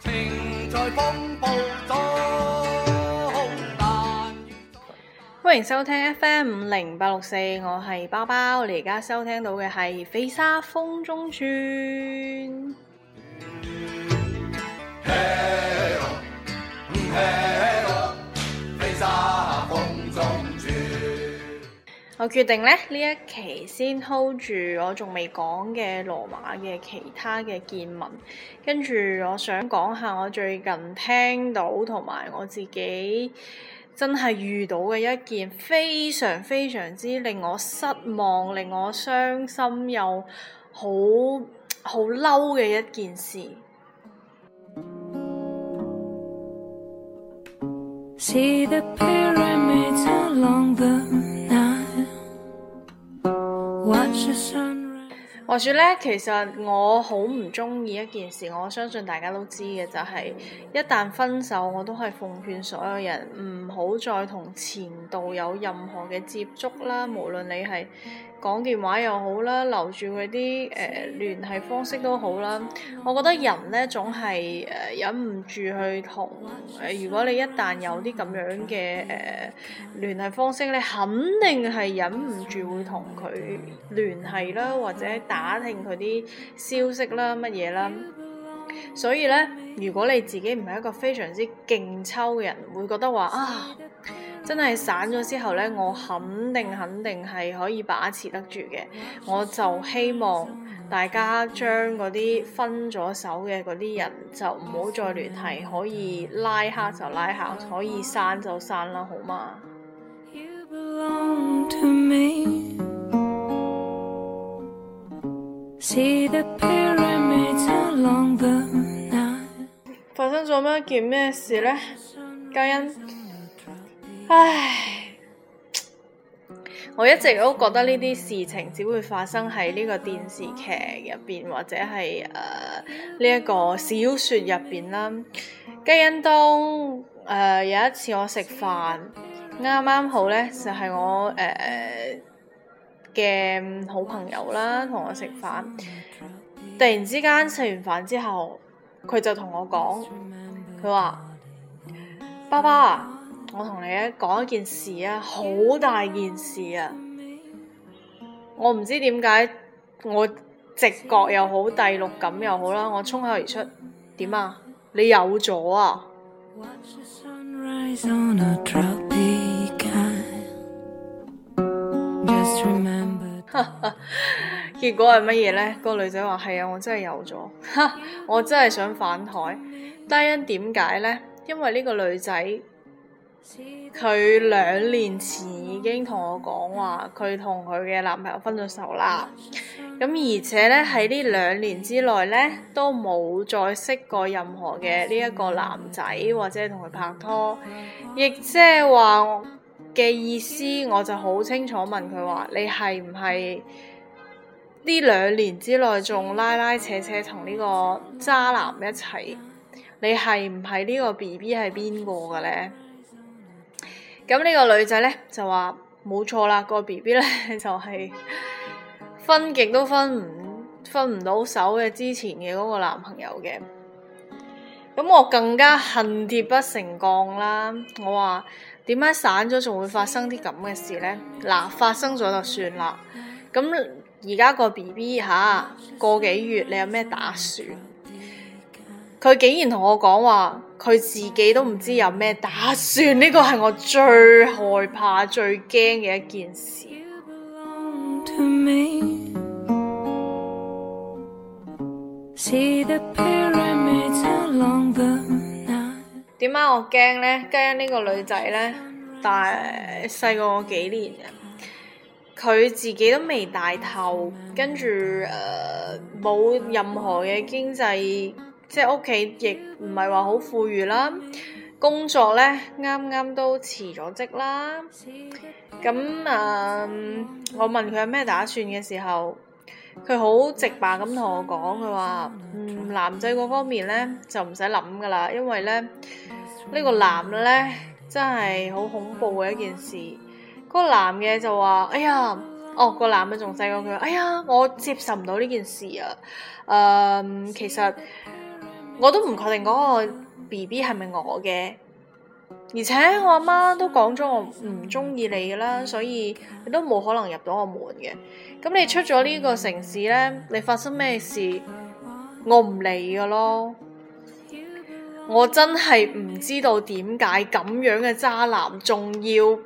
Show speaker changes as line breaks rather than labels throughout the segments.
情在風暴，
歡迎收聽 FM 五零八六四，我係包包，你而家收聽到嘅係《飛沙風中轉》。Hey. 我決定咧呢一期先 hold 住，我仲未講嘅羅馬嘅其他嘅見聞，跟住我想講下我最近聽到同埋我自己真係遇到嘅一件非常非常之令我失望、令我傷心又好好嬲嘅一件事。話說咧，其實我好唔中意一件事，我相信大家都知嘅就係、是，一旦分手，我都係奉勸所有人唔好再同前度有任何嘅接觸啦，無論你係。講電話又好啦，留住佢啲誒聯繫方式都好啦。我覺得人咧總係誒、呃、忍唔住去同誒、呃，如果你一旦有啲咁樣嘅誒、呃、聯繫方式你肯定係忍唔住會同佢聯繫啦，或者打聽佢啲消息啦，乜嘢啦。所以咧，如果你自己唔係一個非常之勁抽嘅人，會覺得話啊～真係散咗之後呢，我肯定肯定係可以把持得住嘅。我就希望大家將嗰啲分咗手嘅嗰啲人就唔好再聯繫，可以拉黑就拉黑，可以刪就刪啦，好嗎
？You belong to me,
see the pyramids along the Nile。發生咗咩件咩事呢？嘉欣。唉，我一直都覺得呢啲事情只會發生喺呢個電視劇入邊或者係誒呢一個小說入邊啦。咁因當誒有一次我食飯，啱啱好咧就係、是、我誒嘅、呃、好朋友啦，同我食飯。突然之間食完飯之後，佢就同我講，佢話：爸爸。我同你咧講一件事啊，好大件事啊！我唔知點解，我直覺又好，第六感又好啦，我衝口而出，點啊？你有咗啊？哈哈，結果係乜嘢呢？個女仔話：係啊，我真係有咗， 我真係想反台，但因點解呢？因為呢個女仔。佢兩年前已經同我講話，佢同佢嘅男朋友分咗手啦。咁而且咧喺呢兩年之內咧，都冇再識過任何嘅呢一個男仔或者同佢拍拖，亦即係話我嘅意思，我就好清楚問佢話：你係唔係呢兩年之內仲拉拉扯扯同呢個渣男一齊？你係唔係呢個 BB 係邊個嘅咧？咁呢個女仔咧就話冇錯啦，個 B B 咧就係、是、分極都分唔分唔到手嘅之前嘅嗰個男朋友嘅。咁我更加恨鐵不成鋼啦！我話點解散咗仲會發生啲咁嘅事咧？嗱，發生咗就算啦。咁而家個 B B 吓個幾月？你有咩打算？佢竟然同我講話。佢自己都唔知有咩打算，呢、這個係我最害怕、最驚嘅一件事。點解 我驚呢？驚呢個女仔呢？大細過我幾年嘅，佢自己都未大透，跟住誒冇任何嘅經濟。即係屋企亦唔係話好富裕啦，工作咧啱啱都辭咗職啦。咁啊、呃，我問佢有咩打算嘅時候，佢好直白咁同我講，佢話：嗯，男仔嗰方面咧就唔使諗噶啦，因為咧呢、這個男嘅咧真係好恐怖嘅一件事。嗰、嗰個男嘅就話：哎呀，哦個男嘅仲細過佢，哎呀我接受唔到呢件事啊。誒、呃，其實。我都唔確定嗰個 BB 係咪我嘅，而且我阿媽都講咗我唔鍾意你㗎啦，所以你都冇可能入到我門嘅。咁你出咗呢個城市咧，你發生咩事？我唔理㗎咯。我真係唔知道點解咁樣嘅渣男仲要。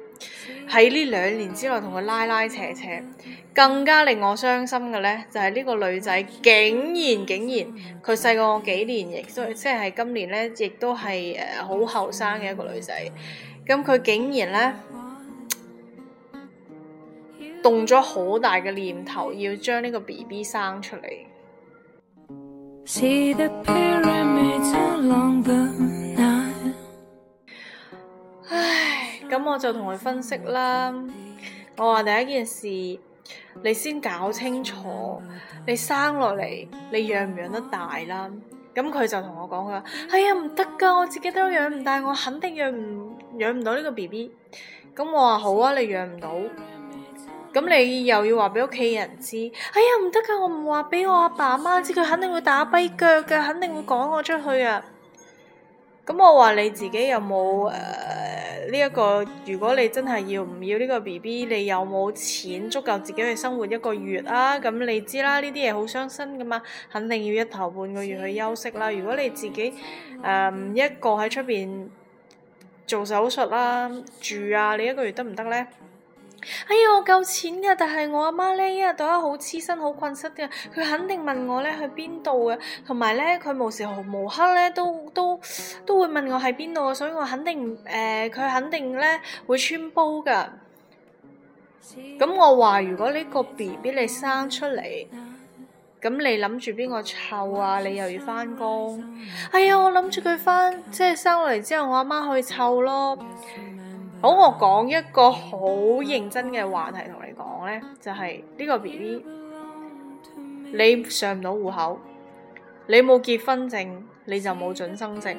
喺呢兩年之內同佢拉拉扯扯，更加令我傷心嘅咧，就係呢個女仔竟然竟然，佢細過我幾年，亦都即係今年咧，亦都係誒好後生嘅一個女仔，咁佢竟然咧動咗好大嘅念頭，要將呢個 BB 生出嚟。咁我就同佢分析啦，我話第一件事，你先搞清楚，你生落嚟，你養唔養得大啦？咁佢就同我講啦，佢話，哎呀，唔得噶，我自己都養唔大，我肯定養唔養唔到呢個 BB。咁我話好啊，你養唔到，咁你又要話俾屋企人知，哎呀，唔得噶，我唔話俾我阿爸阿媽知，佢肯定會打跛腳噶，肯定會趕我出去啊。咁我話你自己有冇誒？呃呢一個，如果你真係要唔要呢個 BB，你有冇錢足夠自己去生活一個月啊？咁你知啦，呢啲嘢好傷身噶嘛，肯定要一頭半個月去休息啦。如果你自己、嗯、一個喺出邊做手術啦、啊、住啊，你一個月得唔得咧？哎呀，我夠錢噶，但係我阿媽咧一日對我好黐身，好困失嘅，佢肯定問我咧去邊度嘅，同埋咧佢無時無刻咧都都都會問我喺邊度，所以我肯定誒，佢、呃、肯定咧會穿煲噶。咁、嗯、我話如果呢個 B B 你生出嚟，咁你諗住邊個湊啊？你又要返工？哎呀，我諗住佢返，即係生落嚟之後，我阿媽可以湊咯。好，我講一個好認真嘅話題同你講咧，就係、是、呢個 B B，你上唔到戶口，你冇結婚證，你就冇準生證。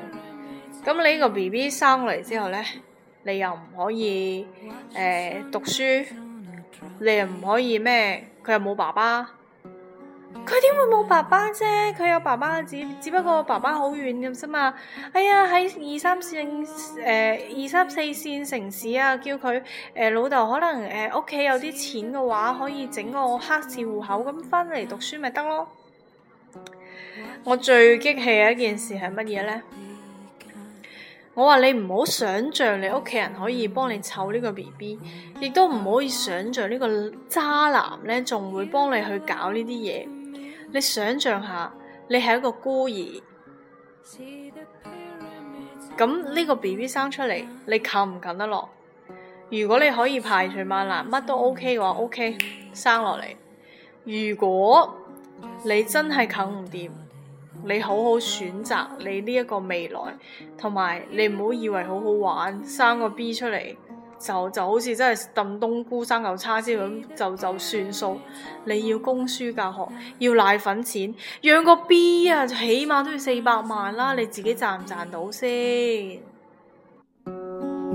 咁你呢個 B B 生落嚟之後咧，你又唔可以誒、呃、讀書，你又唔可以咩？佢又冇爸爸。佢點會冇爸爸啫？佢有爸爸，只只不過爸爸好遠咁啫嘛。哎呀，喺二三綫誒、呃、二三四綫城市啊，叫佢誒、呃、老豆可能誒屋企有啲錢嘅話，可以整個黑市戶口咁翻嚟讀書咪得咯。我最激氣嘅一件事係乜嘢咧？我話你唔好想象你屋企人可以幫你湊呢個 BB，亦都唔可以想象呢個渣男咧，仲會幫你去搞呢啲嘢。你想象下，你係一個孤兒，咁呢個 B B 生出嚟，你啃唔啃得落？如果你可以排除萬難，乜都 O K 嘅話，O K 生落嚟。如果你真係啃唔掂，你好好選擇你呢一個未來，同埋你唔好以為好好玩，生個 B 出嚟。就，就好似真係燉冬菇生牛叉燒咁，就就算數。你要供書教學，要奶粉錢，養個 B 啊，起碼都要四百萬啦。你自己賺唔賺到先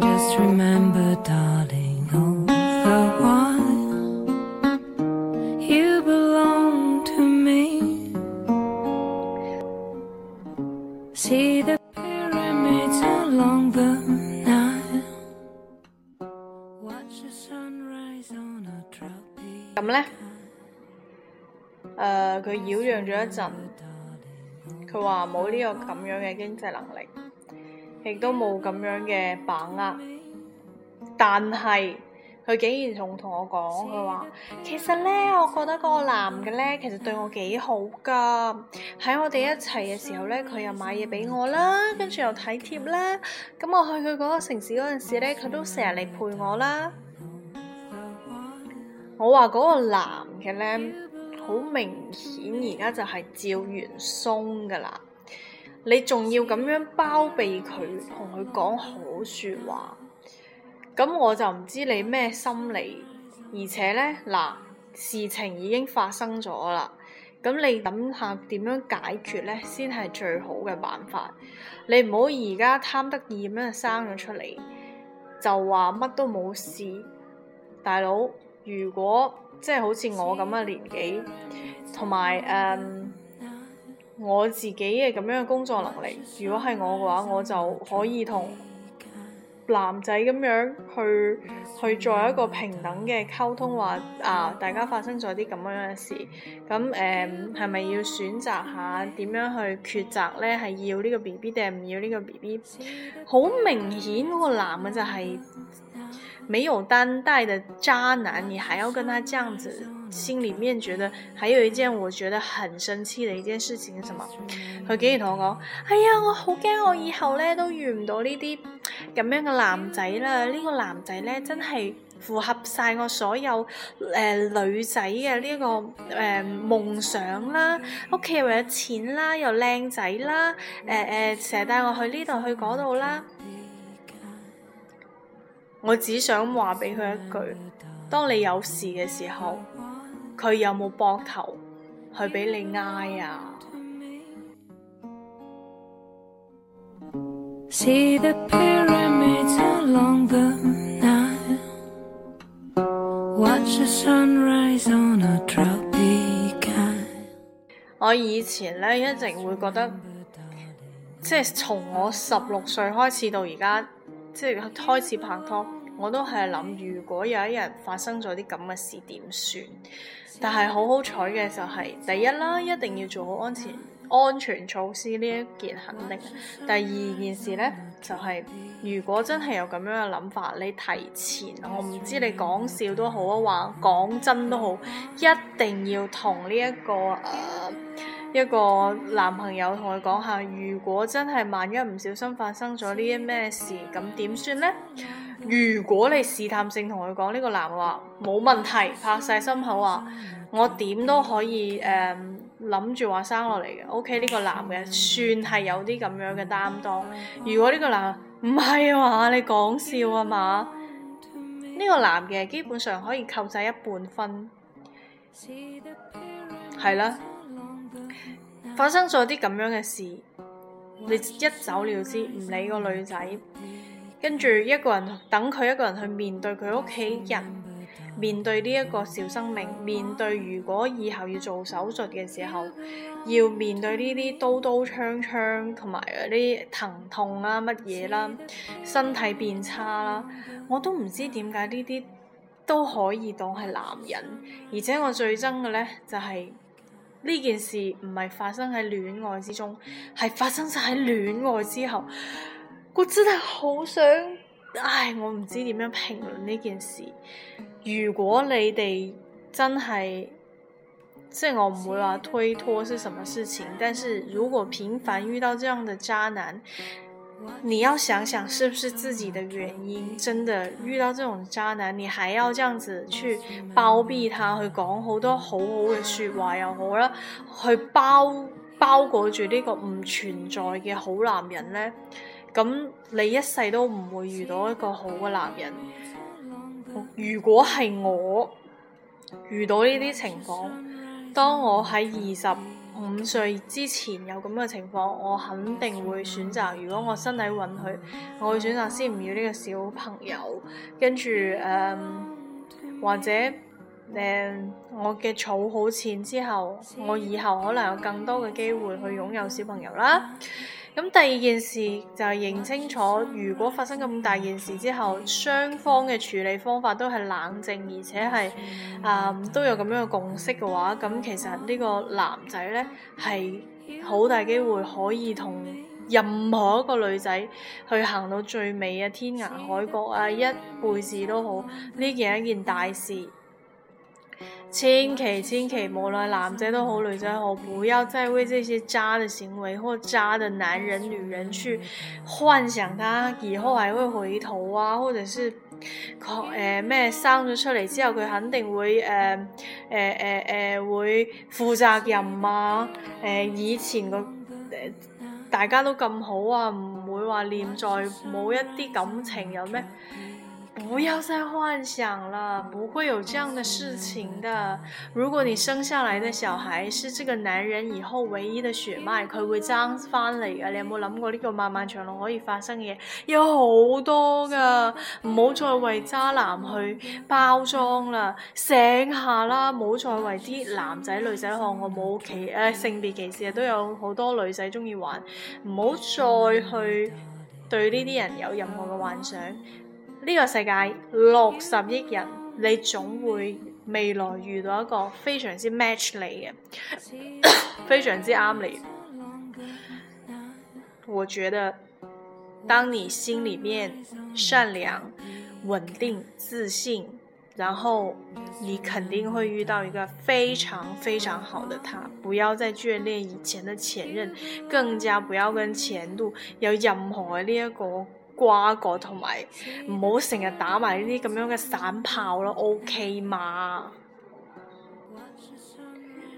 ？Just
remember, darling,
all 咁咧，誒，佢擾攘咗一陣，佢話冇呢個咁樣嘅經濟能力，亦都冇咁樣嘅把握。但係佢竟然仲同我講，佢話其實咧，我覺得嗰個男嘅咧，其實對我幾好噶。喺我哋一齊嘅時候咧，佢又買嘢俾我啦，跟住又體貼啦。咁我去佢嗰個城市嗰陣時咧，佢都成日嚟陪我啦。我話，嗰個男嘅咧，好明顯而家就係趙元松噶啦，你仲要咁樣包庇佢，同佢講好說話，咁我就唔知你咩心理。而且咧，嗱，事情已經發生咗啦，咁你諗下點樣解決咧，先係最好嘅辦法。你唔好而家貪得意咁樣生咗出嚟就話乜都冇事，大佬。如果即係好似我咁嘅年紀，同埋誒我自己嘅咁樣嘅工作能力，如果係我嘅話，我就可以同男仔咁樣去去做一個平等嘅溝通，話啊，大家發生咗啲咁樣嘅事，咁誒係咪要選擇下點樣去抉擇咧？係要呢個 B B 定係唔要呢個 B B？好明顯嗰個男嘅就係、是。沒有擔待的渣男，你還要跟他這樣子？心裏面覺得還有一件我覺得很生氣的一件事情是什麼？佢竟然同我講：哎呀，我好驚我以後咧都遇唔到呢啲咁樣嘅男仔啦！呢個男仔咧真係符合晒我所有誒、呃、女仔嘅呢個誒、呃、夢想啦，屋企又有錢啦，又靚仔啦，誒誒，成日帶我去呢度去嗰度啦。我只想話畀佢一句：當你有事嘅時候，佢有冇膊頭去畀你挨
啊？我
以前咧一直會覺得，即係從我十六歲開始到而家。即係開始拍拖，我都係諗，如果有一日發生咗啲咁嘅事點算？但係好好彩嘅就係、是、第一啦，一定要做好安全安全措施呢一件肯定。第二件事呢，就係、是，如果真係有咁樣嘅諗法，你提前，我唔知你講笑都好啊，話講真都好，一定要同呢一個誒，呃一個男朋友同佢講下，如果真係萬一唔小心發生咗呢啲咩事，咁點算呢？如果你試探性同佢講，呢、呢個男話冇問題，拍晒心口話，我點都可以誒諗住話生落嚟嘅。OK，呢個男嘅算係有啲咁樣嘅擔當。如果呢個男唔係啊嘛，你講笑啊嘛，呢、呢個男嘅基本上可以扣晒一半分，係啦。發生咗啲咁樣嘅事，你一走了之，唔理個女仔，跟住一個人等佢一個人去面對佢屋企人，面對呢一個小生命，面對如果以後要做手術嘅時候，要面對呢啲刀刀槍槍，同埋啲疼痛啦、啊，乜嘢啦，身體變差啦、啊，我都唔知點解呢啲都可以當係男人，而且我最憎嘅呢就係、是。呢件事唔係發生喺戀愛之中，係發生喺戀愛之後。我真係好想，唉，我唔知點樣評論呢件事。如果你哋真係，即係我唔會話推脱是什麼事情，但是如果頻繁遇到這樣的渣男。你要想想，是不是自己的原因？真的遇到這種渣男，你還要這樣子去包庇他，去講好多好好嘅說話又好啦，去包包裹住呢個唔存在嘅好男人咧？咁你一世都唔會遇到一個好嘅男人。如果係我遇到呢啲情況，當我喺二十。五歲之前有咁嘅情況，我肯定會選擇。如果我身體允許，我會選擇先唔要呢個小朋友。跟住，嗯，或者。Then, 我嘅儲好錢之後，我以後可能有更多嘅機會去擁有小朋友啦。咁第二件事就係認清楚，如果發生咁大件事之後，雙方嘅處理方法都係冷靜，而且係、呃、都有咁樣嘅共識嘅話，咁其實呢個男仔呢係好大機會可以同任何一個女仔去行到最尾啊，天涯海角啊，一輩子都好。呢件係一件大事。千祈千祈，無論男仔都好，女仔都好，不要再為這些渣的行為或渣的男人、女人去幻想他以後還會回頭啊，或者是誒咩、呃、生咗出嚟之後佢肯定會誒誒誒誒會負責任啊，誒、呃、以前個、呃、大家都咁好啊，唔會話念在某一啲感情有咩？不要再幻想了，不會有這樣的事情的。如果你生下來的小孩是這個男人以後唯一的血脈，佢會爭翻嚟噶。你有冇諗過呢個漫漫長路可以發生嘅嘢？有好多噶，唔好再為渣男去包裝啦。醒下啦，唔好再為啲男仔女仔看我冇歧，誒，性別歧視啊，都有好多女仔中意玩，唔好再去對呢啲人有任何嘅幻想。呢個世界六十億人，你總會未來遇到一個非常之 match 你嘅， 非常之啱你。我覺得，當你心裡面善良、穩定、自信，然後你肯定會遇到一個非常非常好的他。不要再眷戀以前嘅前任，更加不要跟前度有任何呢一個瓜葛同埋唔好成日打埋呢啲咁樣嘅散炮咯 ，OK 嘛，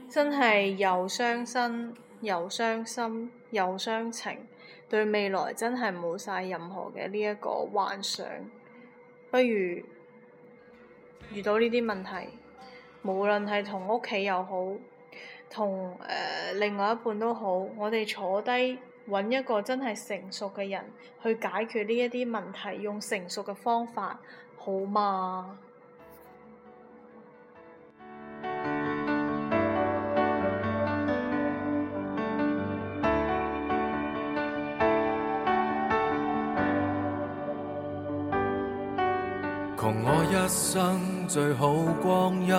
真係又傷身又傷心又傷情，對未來真係冇晒任何嘅呢一個幻想。不如遇到呢啲問題，無論係同屋企又好，同誒、呃、另外一半都好，我哋坐低。揾一個真係成熟嘅人去解決呢一啲問題，用成熟嘅方法，好嗎？
窮我一生最好光陰，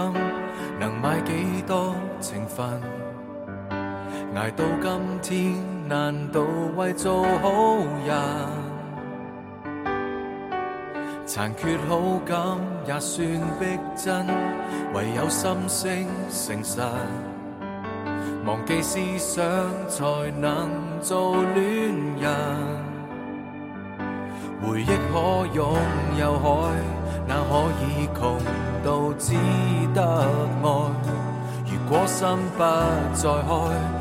能買幾多情分？捱到今天。難道為做好人，殘缺好感也算逼真，唯有心聲誠實，忘記思想才能做戀人。回憶可擁有海，那可以窮到只得愛？如果心不再開。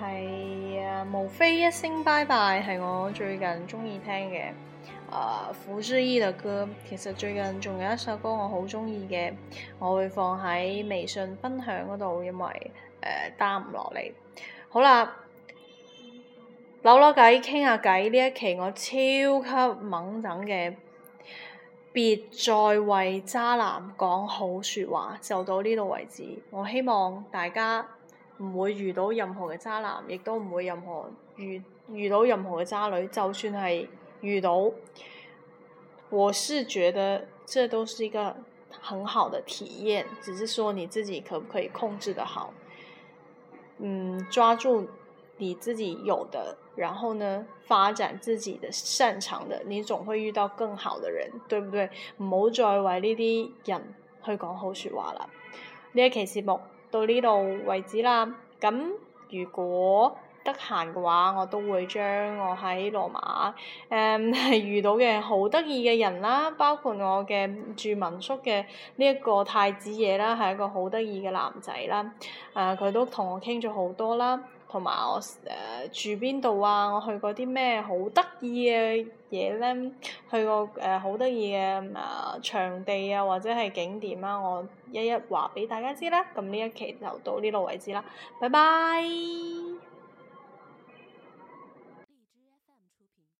《非一聲拜拜》係我最近中意聽嘅，啊、呃，付諸伊嘅歌。其實最近仲有一首歌我好中意嘅，我會放喺微信分享嗰度，因為誒 down 唔落嚟。好啦，扭扭計傾下計，呢一期我超級猛等嘅，別再為渣男講好說話，就到呢度為止。我希望大家。唔會遇到任何嘅渣男，亦都唔會任何遇遇到任何嘅渣女。就算係遇到，我是覺得這都是一個很好的體驗，只是說你自己可唔可以控制得好。嗯，抓住你自己有的，然後呢發展自己的擅長的，你總會遇到更好的人，對唔對？唔好再為呢啲人去講好說話啦。呢一期節目到呢度為止啦，咁如果得閒嘅話，我都會將我喺羅馬誒、嗯、遇到嘅好得意嘅人啦，包括我嘅住民宿嘅呢一個太子爺啦，係一個好得意嘅男仔啦，啊佢都同我傾咗好多啦。啊。同埋我誒住邊度啊？我去過啲咩好得意嘅嘢咧？去過誒好得意嘅啊場地啊，或者係景點啊，我一一話俾大家知啦。咁呢一期就到呢度為止啦，拜拜。